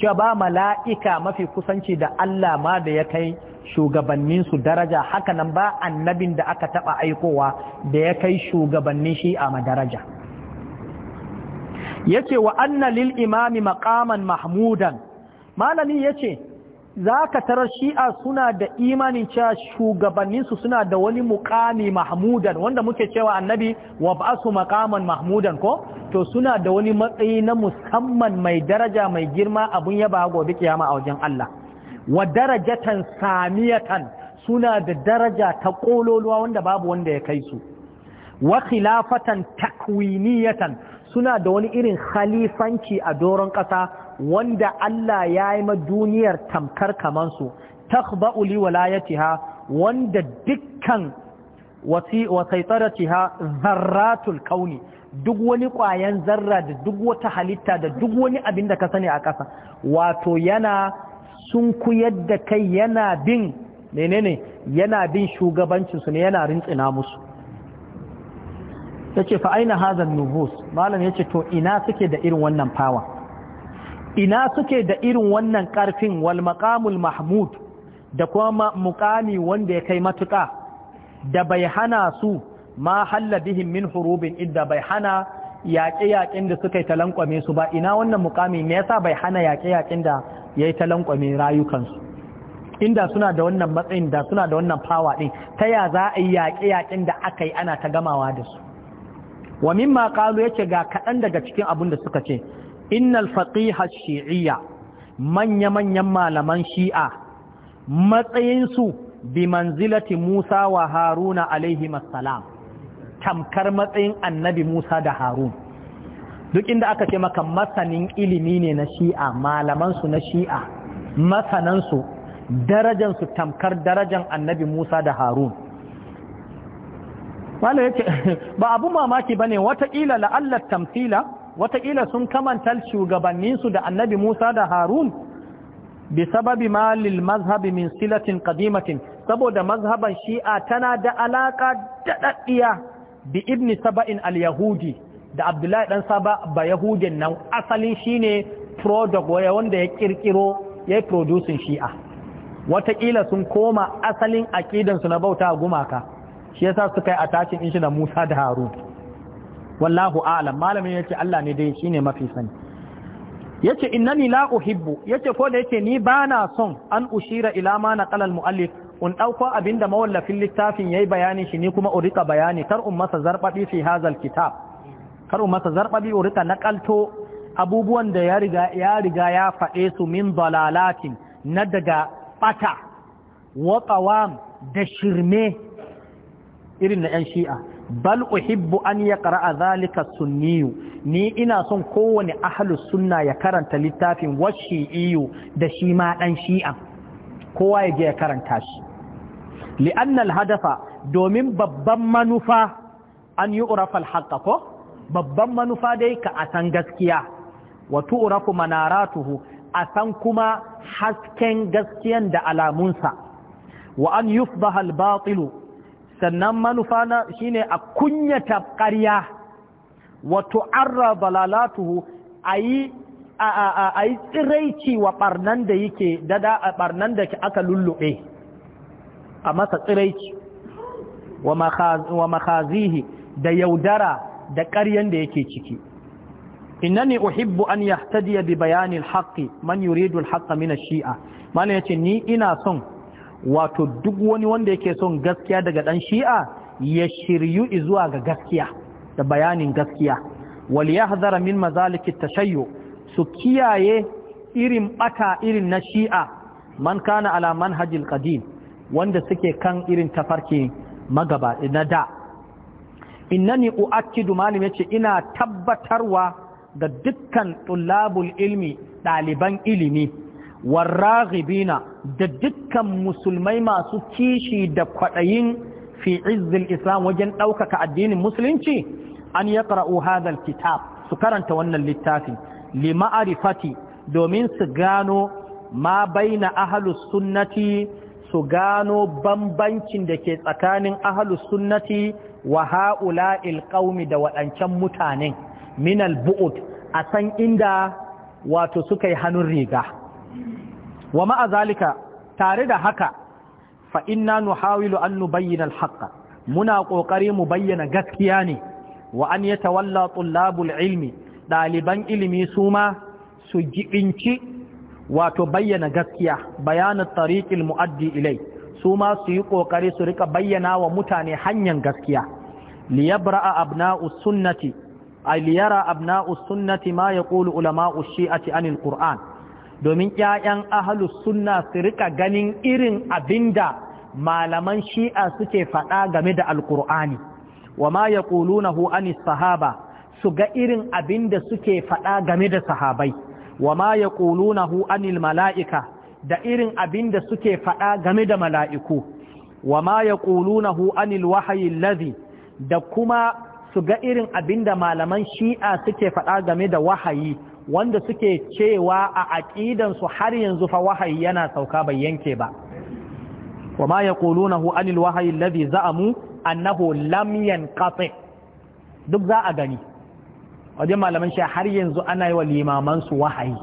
cewa ba mala'ika mafi kusanci da Allah ma da ya kai shugabanninsu daraja hakanan nan ba annabin da aka taɓa aikowa da ya kai shugabannin shi a madaraja ya ce lil’imami maƙaman mahmudan malami ya ce za ka tarar shi'a suna da imanin cewa shugabanninsu suna da wani mukami mahmudan wanda muke cewa annabi wa ba su makaman mahmudan ko to suna da wani matsayi na musamman mai daraja mai girma abun yaba gobe kiyama a wajen Allah wa darajatan samiyatan suna da daraja ta kololuwa wanda babu wanda ya kai su wa khilafatan takwiniyatan suna da wani irin khalifanci a doron ƙasa wanda Allah ya yi ma duniyar tamkar kamansu takhba'u li walayatiha wanda dukkan wasaitaratiha zarratul kauni duk wani ƙwayan zarra da duk wata halitta da duk wani abin da ka sani a ƙasa wato yana sun kuyar da kai yana bin menene yana bin shugabancinsu ne yana rintsina musu ya ce fa'aina hazan nubus malam ya ce to ina suke da irin wannan fawa ina suke da irin wannan ƙarfin wal maqamul mahmud da kuma muƙami wanda ya kai matuƙa da bai hana su ma halla bihim min hurubin idda bai hana yaƙe-yaƙen da suka yi talankwame su ba ina wannan muƙami me yasa bai hana yaƙe-yaƙen da ya yi talankwame rayukansu inda suna da wannan matsayin da suna da wannan fawa ɗin ta ya za a yi yaƙe-yaƙen da aka yi ana ta gamawa da su wa mimma ƙalu yake ga kaɗan daga cikin abun da suka ce innal faqiha shi'iyya manya-manyan malaman shi'a matsayinsu bi manzilati Musa wa Haruna alaihi salam tamkar matsayin annabi Musa da Harun duk inda aka ce maka masanin ilimi ne na shi'a malamansu na shi'a masanansu darajansu tamkar darajan annabi Musa da Harun wala yake ba abu mamaki bane wataƙila la'allar tamfila watakila sun kamanta shugabanninsu da annabi Musa da Harun bi sababi malil mazhabi min silatin qadimatin saboda mazhaban shi'a tana da alaka daɗaɗɗiya bi ibni saba'in al-yahudi da abdullahi dan saba ba yahudin nan asalin shine product waya wanda ya kirkiro ya producing shi'a wataƙila sun koma asalin aƙidansu na bauta gumaka shi yasa suka yi attachin in shi da musa da harun wallahu a'lam malamin yace Allah ne dai shine mafi sani yace innani la uhibbu yace ko da yace ni bana son an ushira ila ma naqala al muallif un dauko abinda mawallafin littafin yayi bayani shi ni kuma urika bayani kar um masa zarbabi fi hazal kitab kar um masa zarbabi urika naqalto abubuwan da ya riga ya riga ya faɗe su min dalalatin na daga bata wa qawam da shirme irin na yan shi'a bal uhibbu an yaqra'a zalika sunniyu ni ina son kowane ahlus sunna ya karanta littafin washi'iyu da shi ma ɗan shi'a kowa ya je ya karanta shi li'annal hadafa domin babban manufa an yu'rafa urafal haqqa ko babban manufa dai ka a san gaskiya wa tu'rafu manaratuhu a san kuma hasken gaskiyan da alamunsa wa an yufdaha al-batilu sannan manufa na shine a kunyata ƙarya wato tu'arra balalatuhu ayi a yi tsiraici wa barnan da yake dada a ɓarnan da aka lullube a masa tsiraici wa makazihi da yaudara da ƙaryan da yake ciki innani uhibbu an yahtadiya bi bayanil haqqi man yuridu al haqqa min ash-shi'a mana yace ni ina son wato duk wani wanda yake son gaskiya daga ɗan shi'a ya shiryu zuwa ga gaskiya da bayanin gaskiya wal yahdhara min mazaliki tashayyu su kiyaye irin ɓata irin na shi'a man kana ala manhajil qadim wanda suke kan irin tafarki magaba na da innani uakkidu malim yace ina tabbatarwa ga dukkan tullabul ilmi ɗaliban ilimi warraghibina da dukkan musulmai masu kishi da kwaɗayin fi izzil islam wajen ɗaukaka addinin musulunci an ya ƙara'u hadal kitab su karanta wannan littafi li ma'arifati domin su gano ma baina ahalus sunnati su gano bambancin da ke tsakanin ahalus sunnati wa ha'ula ilƙaumi da waɗancan mutanen minal bu'ud a san inda wato suka yi hannun riga wa ma'a zalika tare da haka fa inna nuhawilu an nubayyana bayyana haqqa muna kokari mu bayyana gaskiya ne wa an yatawalla tullabul ilmi daliban ilimi su ma su jibinci wato bayyana gaskiya bayanin tariqil muaddi ilai su ma su yi kokari su rika bayyana wa mutane hanyar gaskiya liyabra'a abna'us sunnati ay liyara abna'us sunnati ma yaqulu ulama'us shi'ati anil qur'an domin ƴaƴan ahalus sunna su rika ganin irin abinda malaman shi'a suke faɗa game da alkur'ani wa ma yaqulunahu anis sahaba su ga irin abinda suke faɗa game da sahabai wa ma yaqulunahu ani mala'ika da irin abinda suke faɗa game da mala'iku wa ma yaqulunahu anil wahyi allazi da kuma su ga irin abinda malaman shi'a suke faɗa game da wahayi wanda suke cewa a aƙidansu har yanzu fa wahayi yana sauka bai yanke ba wa ma yaqulunahu anil wahayi alladhi za'amu annahu lam yanqati duk za a gani wajen malaman shi har yanzu ana yi wa limaman su wahayi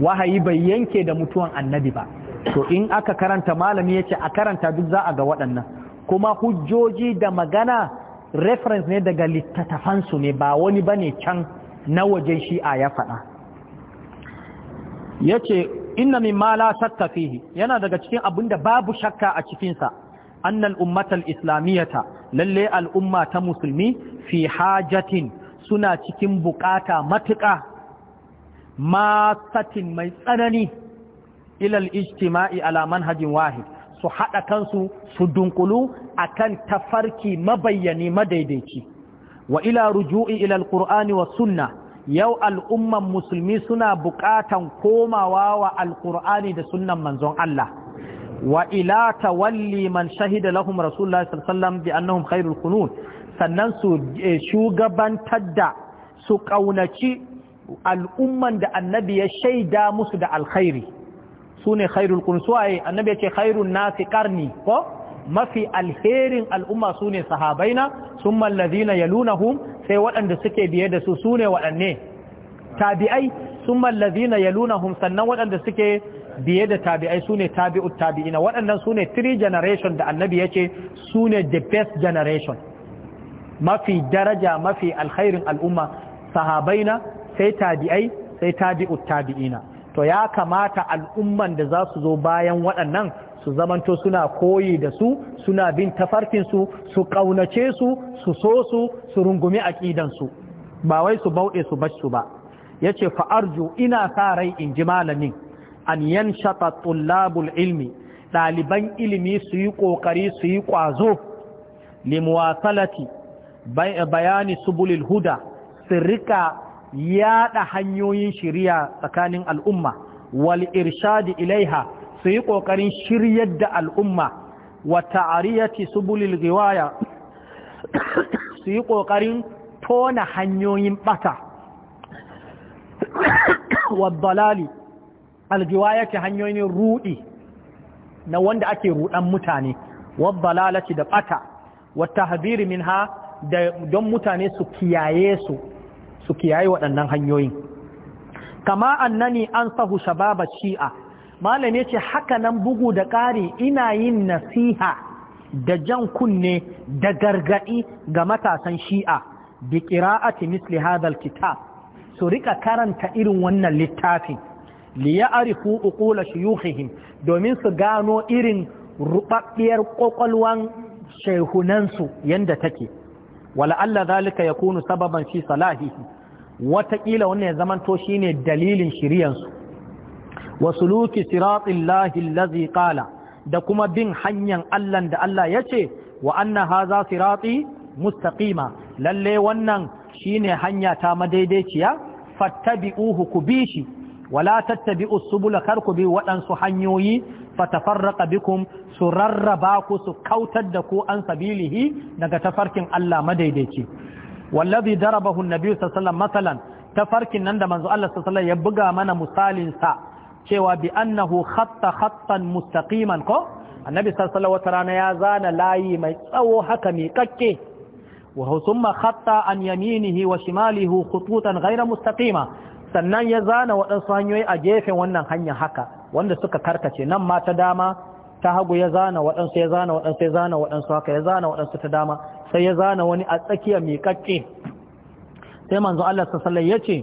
wahayi bai yanke da mutuwan annabi ba to in aka karanta malami yace a karanta duk za a ga waɗannan kuma hujjoji da magana reference ne daga littattafansu ne ba wani bane can na wajen shi'a ya faɗa ya ce inna min la shakka fihi yana daga cikin abin da babu shakka a cikinsa annal ummatal islamiyata lalle al'umma ta musulmi fi hajatin suna cikin bukata matuƙa masatin mai tsanani ilal ijtima'i ala manhajin wahid su haɗa kansu su dunkulu akan tafarki mabayyani madaidaici wa ila ruju'i ilal ƙur'ani wa sunna yau al'umman musulmi suna buƙatan komawa wa alƙur'ani da sunan manzon Allah wa ila tawalli man shahida lahum rasulullahi sallallahu bi annahum khairul sannan su eh, shugabantar da su kaunaci al'umman da annabi ya shaida musu da alkhairi su ne khairul qunut su ayi annabi yace khairun nasi qarni ko mafi alherin al'umma su ne sahabaina summa alladhina yalunahum sai waɗanda suke biye da su sune waɗanne tabi'ai sun mallazina yalunahum sannan waɗanda suke biye da tabi'ai sune tabi'ut tabi'ina waɗannan sune three generation da annabi ya ce sune the best generation mafi daraja mafi alkhairin al'umma sahabaina sai tabi'ai sai tabi'ut tabi'ina to ya kamata al'umman da za su zo bayan waɗannan su zamanto suna koyi da su suna bin tafarkinsu su ƙaunace su su so su su rungumi aƙidansu ba wai su bauɗe su su ba ya ce fa'arju ina sa rai in ji malamin an yan shafa tullabul ilmi ɗaliban ilimi su yi ƙoƙari su yi ƙwazo limuwasalati bayani subulil huda su rika yaɗa hanyoyin shiriya tsakanin al'umma wal irshadi ilaiha su yi ƙoƙarin shiryar da al'umma wa ta'ariyati subulil riwaya su yi ƙoƙarin tona hanyoyin ɓata wa dalali hanyoyin ruɗi na wanda ake ruɗan mutane wa da ɓata wa tahbiri minha da don mutane su kiyaye su su kiyaye waɗannan hanyoyin kama annani an sahu shababa shi'a malam ya ce haka nan bugu da ƙari ina yin nasiha da jan kunne da gargaɗi ga matasan shi'a bi ƙira'ati misli hadal kitab su rika karanta irin wannan littafin li ya arifu domin su gano irin ruɓaɓɓiyar ƙwaƙwalwan shaihunansu yadda take wala'alla zalika ya kunu sababan fi salahihi wataƙila wannan ya zamanto shine dalilin shiryansu. wa suluki siratillahi allazi qala da kuma bin hanyar Allah da Allah yace wa anna hadha sirati mustaqima lalle wannan shine hanya ta madaidaiciya fattabi'uhu ku bi shi wala tattabi'u subula kar ku bi waɗansu hanyoyi fatafarraqa bikum su rarraba ku su kautar da ku an sabilihi daga tafarkin Allah madaidaici wallazi darabahu annabi sallallahu alaihi wasallam masalan tafarkin nan da manzo Allah sallallahu alaihi wasallam ya buga mana misalin sa cewa bi annahu khatta khattan mustaqiman ko annabi sallallahu alaihi wasallam ya zana layi mai tsawo haka mai kakke wa thumma khatta an yaminihi wa shimalihi khututan ghayra mustaqima sannan ya zana waɗansu hanyoyi a gefen wannan hanya haka wanda suka karkace nan ma ta dama ta hagu ya zana waɗansu ya zana waɗansu ya zana waɗansu haka ya zana waɗansu ta dama sai ya zana wani a tsakiya mai kakke sai manzo Allah sallallahu alaihi wasallam yace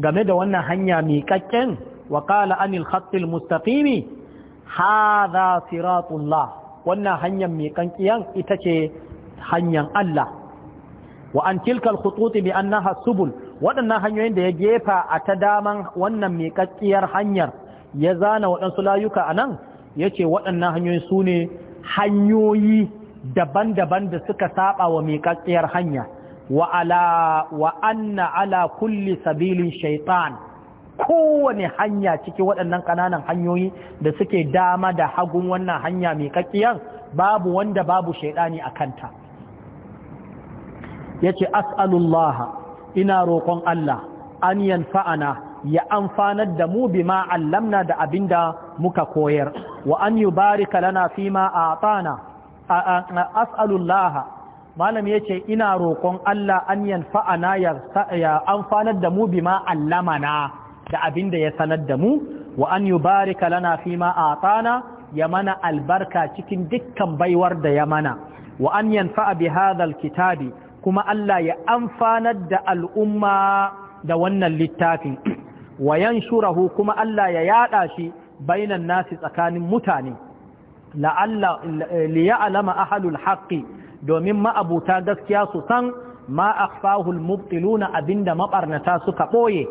game da wannan hanya mai kakken وقال عن الخط المستقيم هذا صراط الله وانا هنيا ميقان كيان Allah. هنيا الله وأن تلك الخطوط بأنها subul. waɗannan hanyoyin da ya jefa a ta daman wannan miƙaƙƙiyar hanyar ya zana waɗansu layuka a nan ya ce waɗannan hanyoyi su ne hanyoyi daban-daban da suka saba wa miƙaƙƙiyar hanya wa anna ala kulli sabilin shaitan kowane hanya ciki waɗannan ƙananan hanyoyi da suke dama da hagun wannan hanya mai kakkiyar babu wanda babu shaidani a kanta ya ce as'alullah ina roƙon Allah an yanfa'ana ya amfanar da mu bi ma'allamna da abin da muka koyar wa an yi barika lana fi ma'atana as'alullah malam ya ce ina roƙon Allah an yanfa'ana ya amfanar da mu bi ma'allamana da abin da ya sanar da mu wa an yubarika lana fima atana ya mana albarka cikin dukkan baiwar da ya mana wa an yanfa'a bi hadhal kitabi kuma Allah ya amfanar da al'umma da wannan littafin wa shurahu kuma Allah ya yada shi bainan nasi tsakanin mutane la'alla liya'lama ahlul haqqi domin ma'abuta gaskiya su san ma akhfahu abinda mabarnata suka ɓoye.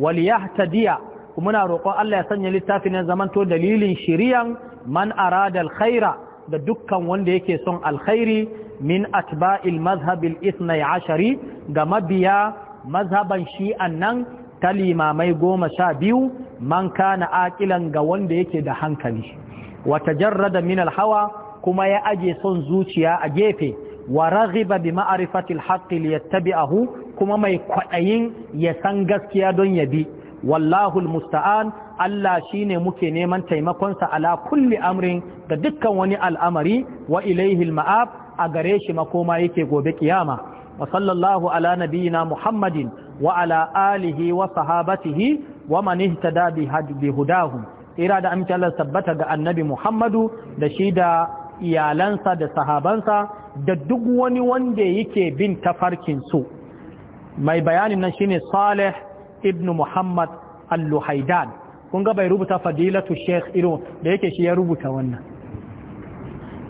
waliyahtadiya kuma na roƙon Allah ya sanya littafi na zamanto dalilin shiriyan man arada alkhaira da dukkan wanda yake son alkhairi min atba'il mazhabil ithnai ashari ga mabiya mazhaban shi'an nan ta limamai goma sha biyu man kana aƙilan ga wanda yake da hankali wata jarrada min alhawa kuma ya aje son zuciya a gefe wa raghiba bi ma'rifatil haqqi liyattabi'ahu kuma mai kwaɗayin ya san gaskiya don ya bi wallahu musta'an Allah shine muke neman taimakonsa ala kulli amrin ga dukkan wani al'amari wa ilaihi ma'ab a gare shi makoma yake gobe kiyama wa sallallahu ala nabiyina muhammadin wa ala alihi wa sahabatihi wa mani ihtada bi hudahum Ira da amince Allah tabbata ga annabi Muhammadu da shi da iyalansa da sahabansa da duk wani wanda yake bin tafarkin su mai bayanin nan shine salih ibn muhammad al-luhaidan kun ga bai rubuta fadilatu sheikh irin da yake shi ya rubuta wannan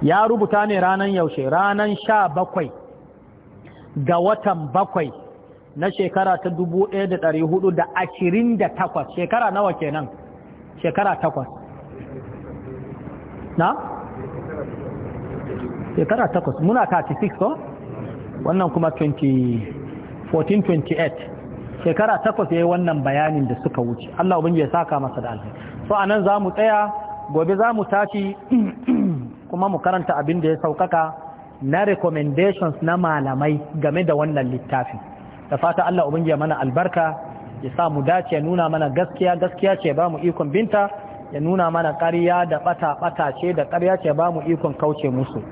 ya rubuta ne ranan yaushe ranan sha bakwai ga watan bakwai na shekara ta 1428 shekara nawa kenan shekara takwas na? shekara takwas muna 36 ko? wannan kuma 20 1428 shekara takwas ya yi wannan bayanin da suka wuce Allah ubin ya saka masa da alhaji so anan za mu tsaya gobe za mu tashi kuma mu karanta abin da ya saukaka na recommendations na malamai game da wannan littafin da fata Allah ubin ya mana albarka ya sa mu dace ya nuna mana gaskiya gaskiya ce ba mu ikon binta ya nuna mana ƙarya da ɓata ɓata ce da ƙarya ce ba mu ikon kauce musu